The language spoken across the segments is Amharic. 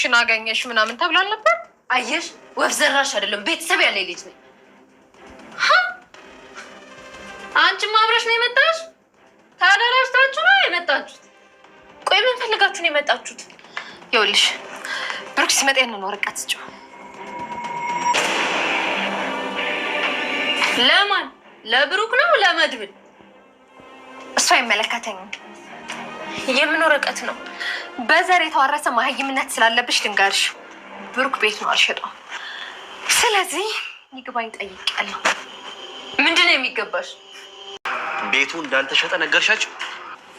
ልጅሽን አገኘሽ ምናምን ተብላል ነበር። አየሽ፣ ወፍ ዘራሽ አይደለም ቤተሰብ ያለ ልጅ ነኝ። አንቺማ አብረሽ ነው የመጣሽ። ተደራጅታችሁ ነው የመጣችሁት? ቆይ ምን ፈልጋችሁ ነው የመጣችሁት? ይኸውልሽ ብሩክ ሲመጣ ያንን ወረቀት ስጭው። ለማን? ለብሩክ ነው ለመድብል? እሱ አይመለከተኝም። የምን ወረቀት ነው? በዘር የተዋረሰ ማህይምነት ስላለብሽ ልንገርሽ፣ ብሩክ ቤት ነው አልሸጠውም። ስለዚህ ይግባኝ ጠይቄያለሁ። ምንድን ነው የሚገባሽ? ቤቱ እንዳልተሸጠ ነገርሻቸው?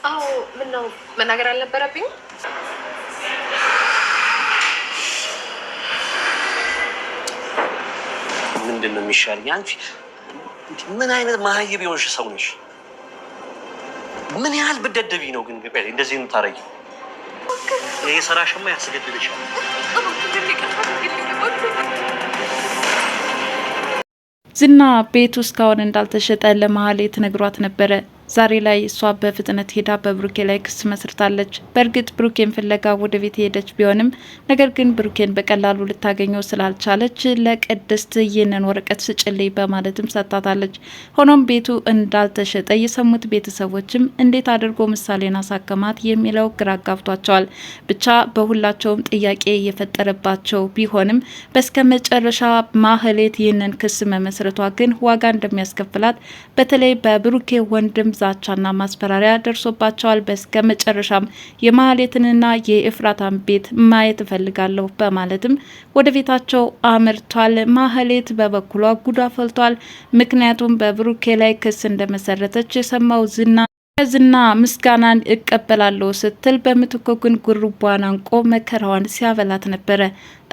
አዎ። ምን ነው መናገር አልነበረብኝ? ምንድን ነው የሚሻል? አንቺ ምን አይነት መሀይብ የሆንሽ ሰው ነሽ? ምን ያህል ብደደቢ ነው ግን እንደዚህ ታረጊ? ይሄ የሰራሽማ ያስገድልሻል። ዝና ቤቱ እስካሁን እንዳልተሸጠ ለመሀሌት ነግሯት ነበረ። ዛሬ ላይ እሷ በፍጥነት ሄዳ በብሩኬ ላይ ክስ መስርታለች። በእርግጥ ብሩኬን ፍለጋ ወደ ቤት ሄደች ቢሆንም ነገር ግን ብሩኬን በቀላሉ ልታገኘው ስላልቻለች ለቅድስት ይህንን ወረቀት ስጭልኝ በማለትም ሰጥታታለች። ሆኖም ቤቱ እንዳልተሸጠ የሰሙት ቤተሰቦችም እንዴት አድርጎ ምሳሌን አሳከማት የሚለው ግራ አጋብቷቸዋል። ብቻ በሁላቸውም ጥያቄ የፈጠረባቸው ቢሆንም በስከ መጨረሻ ማህሌት ይህንን ክስ መመስረቷ ግን ዋጋ እንደሚያስከፍላት በተለይ በብሩኬ ወንድም ዛቻና ማስፈራሪያ ደርሶባቸዋል። በስከ መጨረሻም የማህሌትንና የኤፍራታን ቤት ማየት እፈልጋለሁ በማለትም ወደ ቤታቸው አምርቷል። ማህሌት በበኩሏ ጉዳ ፈልቷል። ምክንያቱም በብሩኬ ላይ ክስ እንደመሰረተች የሰማው ዝና ዝና ምስጋናን እቀበላለሁ ስትል በምትኮ ግን ጉርቧን አንቆ መከራዋን ሲያበላት ነበረ።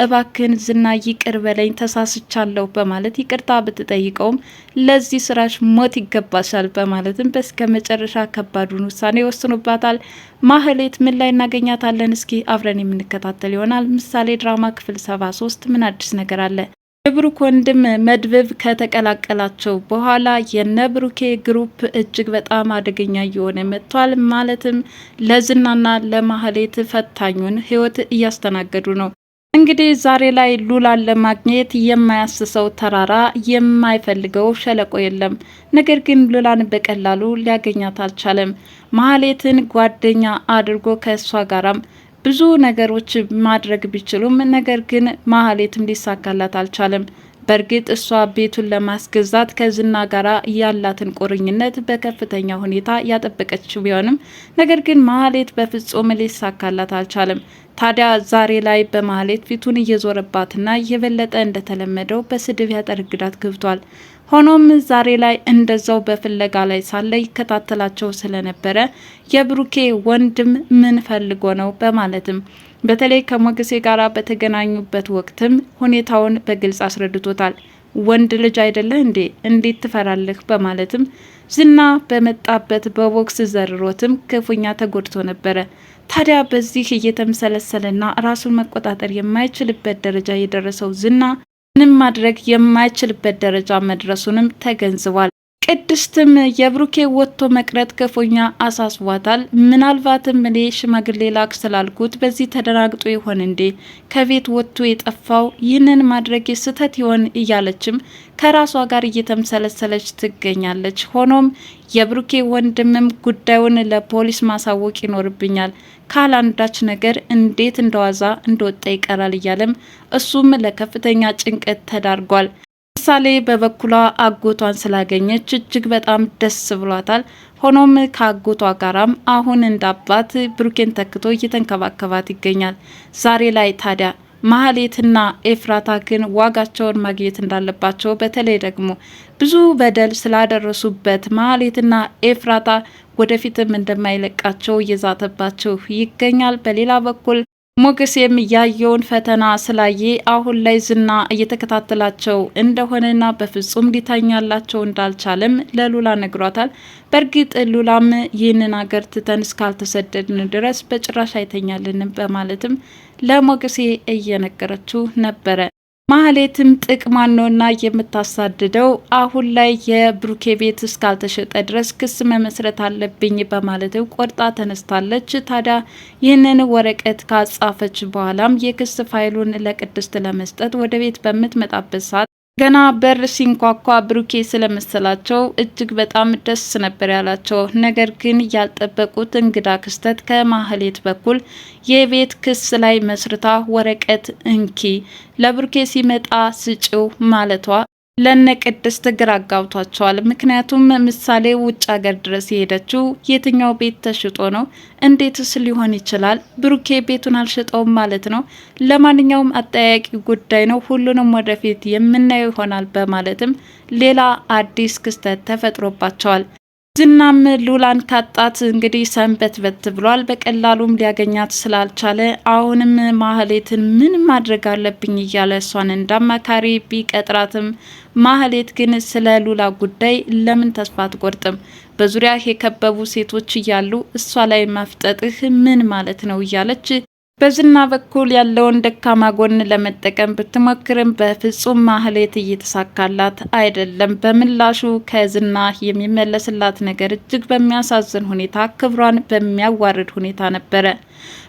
እባክህን ዝና ይቅር በለኝ ተሳስቻለሁ በማለት ይቅርታ ብትጠይቀውም ለዚህ ስራሽ ሞት ይገባሻል በማለትም በስከ መጨረሻ ከባዱን ውሳኔ ወስኖባታል። ማህሌት ምን ላይ እናገኛታለን? እስኪ አብረን የምንከታተል ይሆናል። ምሳሌ ድራማ ክፍል ሰባ ሶስት ምን አዲስ ነገር አለ? የብሩክ ወንድም መድብብ ከተቀላቀላቸው በኋላ የነብሩኬ ግሩፕ እጅግ በጣም አደገኛ እየሆነ መጥቷል። ማለትም ለዝናና ለማህሌት ፈታኙን ህይወት እያስተናገዱ ነው። እንግዲህ ዛሬ ላይ ሉላን ለማግኘት የማያስሰው ተራራ የማይፈልገው ሸለቆ የለም። ነገር ግን ሉላን በቀላሉ ሊያገኛት አልቻለም። ማህሌትን ጓደኛ አድርጎ ከእሷ ጋራም ብዙ ነገሮች ማድረግ ቢችሉም ነገር ግን ማህሌትም ሊሳካላት አልቻለም። በእርግጥ እሷ ቤቱን ለማስገዛት ከዝና ጋራ ያላትን ቁርኝነት በከፍተኛ ሁኔታ ያጠበቀችው ቢሆንም ነገር ግን ማህሌት በፍጹም ሊሳካላት አልቻለም። ታዲያ ዛሬ ላይ በማህሌት ፊቱን እየዞረባትና የበለጠ እንደተለመደው በስድብ ያጠረግዳት ገብቷል። ሆኖም ዛሬ ላይ እንደዛው በፍለጋ ላይ ሳለ ይከታተላቸው ስለነበረ የብሩኬ ወንድም ምን ፈልጎ ነው በማለትም በተለይ ከሞገሴ ጋር በተገናኙበት ወቅትም ሁኔታውን በግልጽ አስረድቶታል። ወንድ ልጅ አይደለህ እንዴ እንዴት ትፈራለህ? በማለትም ዝና በመጣበት በቦክስ ዘርሮትም ክፉኛ ተጎድቶ ነበረ። ታዲያ በዚህ እየተምሰለሰለና ራሱን መቆጣጠር የማይችልበት ደረጃ የደረሰው ዝና ምንም ማድረግ የማይችልበት ደረጃ መድረሱንም ተገንዝቧል። ቅድስትም የብሩኬ ወጥቶ መቅረት ክፉኛ አሳስቧታል። ምናልባትም እኔ ሽማግሌ ላክ ስላልኩት በዚህ ተደናግጦ ይሆን እንዴ ከቤት ወጥቶ የጠፋው? ይህንን ማድረግ ስህተት ይሆን እያለችም ከራሷ ጋር እየተምሰለሰለች ትገኛለች። ሆኖም የብሩኬ ወንድምም ጉዳዩን ለፖሊስ ማሳወቅ ይኖርብኛል ካላንዳች ነገር እንዴት እንደዋዛ እንደወጣ ይቀራል እያለም እሱም ለከፍተኛ ጭንቀት ተዳርጓል። ምሳሌ በበኩሏ አጎቷን ስላገኘች እጅግ በጣም ደስ ብሏታል። ሆኖም ከአጎቷ ጋራም አሁን እንዳባት ብሩኬን ተክቶ እየተንከባከባት ይገኛል። ዛሬ ላይ ታዲያ ማህሌትና ኤፍራታ ግን ዋጋቸውን ማግኘት እንዳለባቸው በተለይ ደግሞ ብዙ በደል ስላደረሱበት ማህሌትና ኤፍራታ ወደፊትም እንደማይለቃቸው እየዛተባቸው ይገኛል። በሌላ በኩል ሞገስ የሚያየውን ፈተና ስላየ አሁን ላይ ዝና እየተከታተላቸው እንደሆነና በፍጹም ሊታኛላቸው እንዳልቻለም ለሉላ ነግሯታል። በእርግጥ ሉላም ይህንን አገር ትተን እስካልተሰደድን ድረስ በጭራሽ አይተኛልንም በማለትም ለሞገሴ እየነገረችው ነበረ። ማህሌትም ጥቅማን ነውና የምታሳድደው አሁን ላይ የብሩኬ ቤት እስካልተሸጠ ድረስ ክስ መመስረት አለብኝ በማለት ቆርጣ ተነስታለች። ታዲያ ይህንን ወረቀት ካጻፈች በኋላም የክስ ፋይሉን ለቅድስት ለመስጠት ወደ ቤት በምትመጣበት ሰዓት ገና በር ሲንኳኳ ብሩኬ ስለመሰላቸው እጅግ በጣም ደስ ነበር ያላቸው። ነገር ግን ያልጠበቁት እንግዳ ክስተት ከማህሌት በኩል የቤት ክስ ላይ መስርታ ወረቀት እንኪ ለብሩኬ ሲመጣ ስጪው ማለቷ ለነ ቅድስት ግራ አጋብቷቸዋል። ምክንያቱም ምሳሌ ውጭ ሀገር ድረስ የሄደችው የትኛው ቤት ተሽጦ ነው? እንዴትስ ሊሆን ይችላል? ብሩኬ ቤቱን አልሸጠውም ማለት ነው። ለማንኛውም አጠያቂ ጉዳይ ነው። ሁሉንም ወደፊት የምናየው ይሆናል በማለትም ሌላ አዲስ ክስተት ተፈጥሮባቸዋል። ዝናም ሉላን ካጣት እንግዲህ ሰንበት በት ብሏል። በቀላሉም ሊያገኛት ስላልቻለ አሁንም ማህሌትን ምን ማድረግ አለብኝ እያለ እሷን እንዳማካሪ ቢቀጥራትም ማህሌት ግን ስለ ሉላ ጉዳይ ለምን ተስፋ አትቆርጥም? በዙሪያ የከበቡ ሴቶች እያሉ እሷ ላይ ማፍጠጥህ ምን ማለት ነው? እያለች በዝና በኩል ያለውን ደካማ ጎን ለመጠቀም ብትሞክርም በፍጹም ማህሌት እየተሳካላት አይደለም። በምላሹ ከዝና የሚመለስላት ነገር እጅግ በሚያሳዝን ሁኔታ፣ ክብሯን በሚያዋርድ ሁኔታ ነበረ።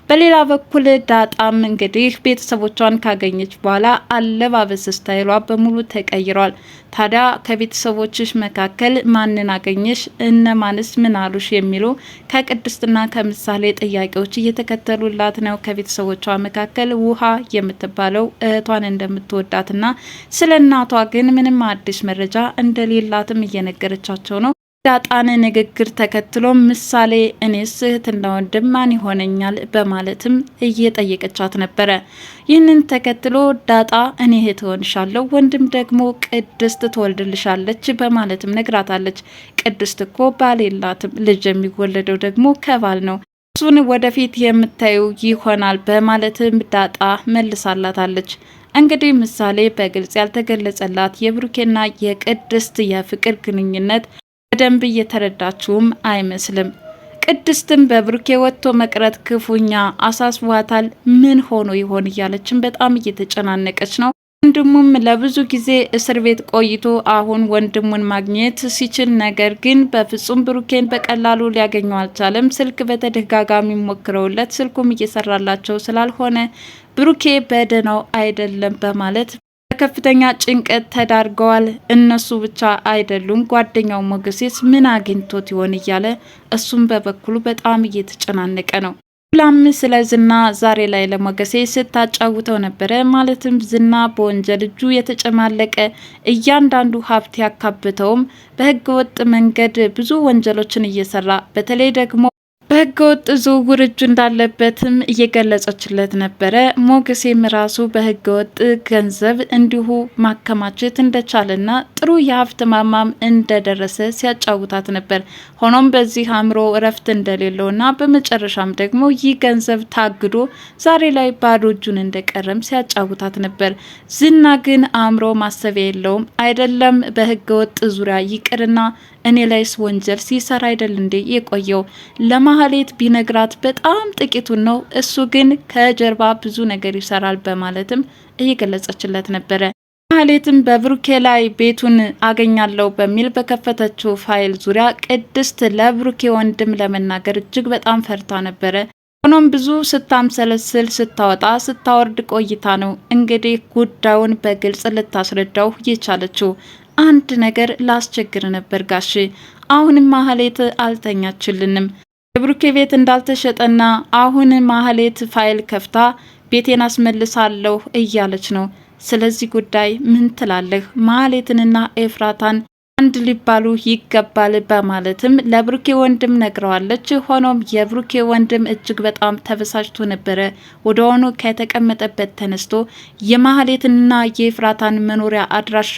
በሌላ በኩል ዳጣም እንግዲህ ቤተሰቦቿን ካገኘች በኋላ አለባበስ ስታይሏ በሙሉ ተቀይሯል። ታዲያ ከቤተሰቦችሽ መካከል ማንን አገኘሽ፣ እነማንስ ምን አሉሽ የሚሉ ከቅድስትና ከምሳሌ ጥያቄዎች እየተከተሉላት ነው። ከቤተሰቦቿ መካከል ውሃ የምትባለው እህቷን እንደምትወዳትና ስለ እናቷ ግን ምንም አዲስ መረጃ እንደሌላትም እየነገረቻቸው ነው። ዳጣን ንግግር ተከትሎ ምሳሌ እኔስ እህትና ወንድም ማን ይሆነኛል በማለትም እየጠየቀቻት ነበረ። ይህንን ተከትሎ ዳጣ እኔ እህት ሆንሻለሁ፣ ወንድም ደግሞ ቅድስት ትወልድልሻለች በማለትም ነግራታለች። ቅድስት እኮ ባል የላትም፣ ልጅ የሚወለደው ደግሞ ከባል ነው እሱን ወደፊት የምታዩ ይሆናል በማለትም ዳጣ መልሳላታለች። እንግዲህ ምሳሌ በግልጽ ያልተገለጸላት የብሩኬና የቅድስት የፍቅር ግንኙነት በደንብ እየተረዳችውም አይመስልም። ቅድስትም በብሩኬ ወጥቶ መቅረት ክፉኛ አሳስቧታል። ምን ሆኖ ይሆን እያለችን በጣም እየተጨናነቀች ነው። ወንድሙም ለብዙ ጊዜ እስር ቤት ቆይቶ አሁን ወንድሙን ማግኘት ሲችል፣ ነገር ግን በፍጹም ብሩኬን በቀላሉ ሊያገኙ አልቻለም። ስልክ በተደጋጋሚ ሞክረውለት ስልኩም እየሰራላቸው ስላልሆነ ብሩኬ በደህናው አይደለም በማለት ለከፍተኛ ጭንቀት ተዳርገዋል። እነሱ ብቻ አይደሉም። ጓደኛው ሞገሴስ ምን አግኝቶት ይሆን እያለ እሱም በበኩሉ በጣም እየተጨናነቀ ነው። ላም ስለ ዝና ዛሬ ላይ ለሞገሴ ስታጫውተው ነበረ። ማለትም ዝና በወንጀል እጁ የተጨማለቀ እያንዳንዱ ሀብት ያካብተውም በህገወጥ መንገድ ብዙ ወንጀሎችን እየሰራ በተለይ ደግሞ በህገ ወጥ ዝውውር እጁ እንዳለበትም እየገለጸችለት ነበረ። ሞገሴም ራሱ በህገ ወጥ ገንዘብ እንዲሁ ማከማቸት እንደቻለና ጥሩ የሀብት ማማም እንደደረሰ ሲያጫውታት ነበር። ሆኖም በዚህ አእምሮ እረፍት እንደሌለውና በመጨረሻም ደግሞ ይህ ገንዘብ ታግዶ ዛሬ ላይ ባዶ እጁን እንደቀረም ሲያጫውታት ነበር። ዝና ግን አእምሮ ማሰቢያ የለውም አይደለም በህገ ወጥ ዙሪያ ይቅርና እኔ ላይስ ወንጀል ሲሰራ አይደል እንዴ የቆየው? ለማህሌት ቢነግራት በጣም ጥቂቱን ነው። እሱ ግን ከጀርባ ብዙ ነገር ይሰራል በማለትም እየገለጸችለት ነበረ። ማህሌትም በብሩኬ ላይ ቤቱን አገኛለሁ በሚል በከፈተችው ፋይል ዙሪያ ቅድስት ለብሩኬ ወንድም ለመናገር እጅግ በጣም ፈርታ ነበረ። ሆኖም ብዙ ስታምሰለስል ስታወጣ ስታወርድ ቆይታ ነው እንግዲህ ጉዳዩን በግልጽ ልታስረዳው የቻለችው። አንድ ነገር ላስቸግር ነበር ጋሽ። አሁንም ማህሌት አልተኛችልንም። የብሩኬ ቤት እንዳልተሸጠና አሁን ማህሌት ፋይል ከፍታ ቤቴን አስመልሳለሁ እያለች ነው። ስለዚህ ጉዳይ ምን ትላለህ? ማህሌትንና ኤፍራታን አንድ ሊባሉ ይገባል በማለትም ለብሩኬ ወንድም ነግረዋለች። ሆኖም የብሩኬ ወንድም እጅግ በጣም ተበሳጭቶ ነበረ። ወደሆኑ ከተቀመጠበት ተነስቶ የማህሌትና የፍራታን መኖሪያ አድራሻ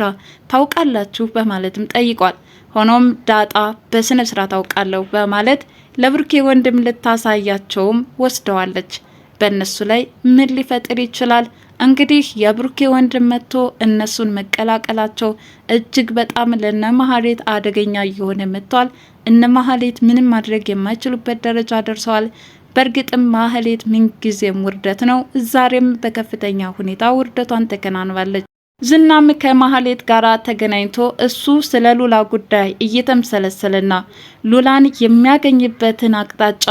ታውቃላችሁ በማለትም ጠይቋል። ሆኖም ዳጣ በስነ ስርዓት ታውቃለሁ በማለት ለብሩኬ ወንድም ልታሳያቸውም ወስደዋለች። በእነሱ ላይ ምን ሊፈጥር ይችላል? እንግዲህ የብሩኬ ወንድም መጥቶ እነሱን መቀላቀላቸው እጅግ በጣም ለነ ማህሌት አደገኛ እየሆነ መጥቷል። እነ ማህሌት ምንም ማድረግ የማይችሉበት ደረጃ ደርሰዋል። በእርግጥም ማህሌት ምንጊዜም ውርደት ነው። ዛሬም በከፍተኛ ሁኔታ ውርደቷን ተከናንባለች። ዝናም ከማህሌት ጋር ተገናኝቶ እሱ ስለ ሉላ ጉዳይ እየተምሰለሰለና ሉላን የሚያገኝበትን አቅጣጫ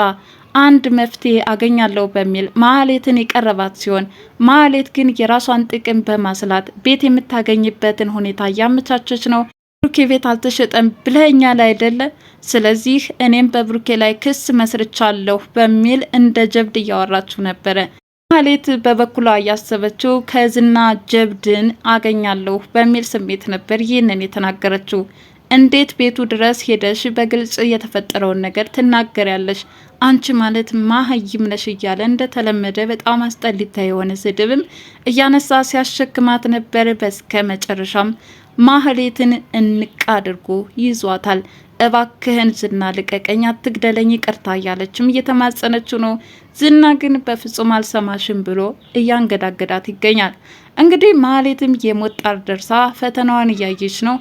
አንድ መፍትሄ አገኛለሁ በሚል ማህሌትን የቀረባት ሲሆን ማህሌት ግን የራሷን ጥቅም በማስላት ቤት የምታገኝበትን ሁኔታ እያመቻቸች ነው። ብሩኬ ቤት አልተሸጠም ብለኸኛል አይደለ? ስለዚህ እኔም በብሩኬ ላይ ክስ መስርቻለሁ በሚል እንደ ጀብድ እያወራችው ነበረ። ማህሌት በበኩሏ እያሰበችው ከዝና ጀብድን አገኛለሁ በሚል ስሜት ነበር ይህንን የተናገረችው። እንዴት ቤቱ ድረስ ሄደሽ በግልጽ የተፈጠረውን ነገር ትናገሪያለሽ? አንቺ ማለት ማህይም ነሽ እያለ እንደተለመደ በጣም አስጠሊታ የሆነ ስድብም እያነሳ ሲያሸክማት ነበር። በስከ መጨረሻም ማህሌትን እንቅ አድርጎ ይዟታል። እባክህን ዝና ልቀቀኝ፣ አትግደለኝ፣ ይቅርታ እያለችም እየተማጸነችው ነው። ዝና ግን በፍጹም አልሰማሽም ብሎ እያንገዳገዳት ይገኛል። እንግዲህ ማህሌትም የሞጣር ደርሳ ፈተናዋን እያየች ነው።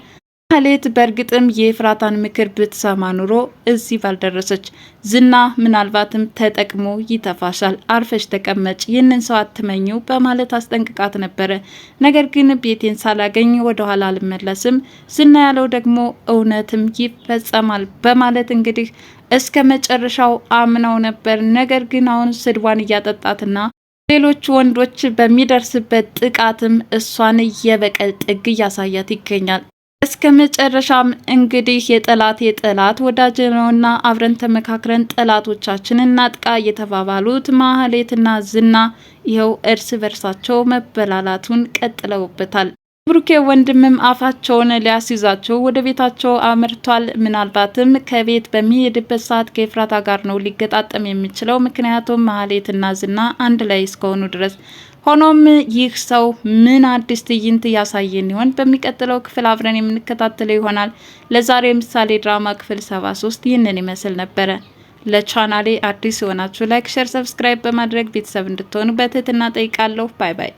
ማህሌት በእርግጥም የኤፍራታን ምክር ብትሰማ ኑሮ እዚህ ባልደረሰች። ዝና ምናልባትም ተጠቅሞ ይተፋሻል፣ አርፈሽ ተቀመጭ፣ ይህንን ሰው አትመኙ በማለት አስጠንቅቃት ነበረ። ነገር ግን ቤቴን ሳላገኝ ወደኋላ አልመለስም፣ ዝና ያለው ደግሞ እውነትም ይፈጸማል በማለት እንግዲህ እስከ መጨረሻው አምናው ነበር። ነገር ግን አሁን ስድቧን እያጠጣትና ሌሎች ወንዶች በሚደርስበት ጥቃትም እሷን የበቀል ጥግ እያሳያት ይገኛል። እስከ መጨረሻም እንግዲህ የጠላት የጠላት ወዳጅ ነውና አብረን ተመካክረን ጠላቶቻችን እናጥቃ እየተባባሉት ማህሌትና ዝና ይኸው እርስ በርሳቸው መበላላቱን ቀጥለውበታል። ብሩኬ ወንድምም አፋቸውን ሊያስይዛቸው ወደ ቤታቸው አምርቷል። ምናልባትም ከቤት በሚሄድበት ሰዓት ከኤፍራታ ጋር ነው ሊገጣጠም የሚችለው ምክንያቱም መሀሌትና ዝና አንድ ላይ እስከሆኑ ድረስ። ሆኖም ይህ ሰው ምን አዲስ ትዕይንት እያሳየን ይሆን? በሚቀጥለው ክፍል አብረን የምንከታተለው ይሆናል። ለዛሬ ምሳሌ ድራማ ክፍል 73 ይህንን ይመስል ነበረ። ለቻናሌ አዲስ የሆናችሁ ላይክ፣ ሸር፣ ሰብስክራይብ በማድረግ ቤተሰብ እንድትሆኑ በትህትና ጠይቃለሁ። ባይ ባይ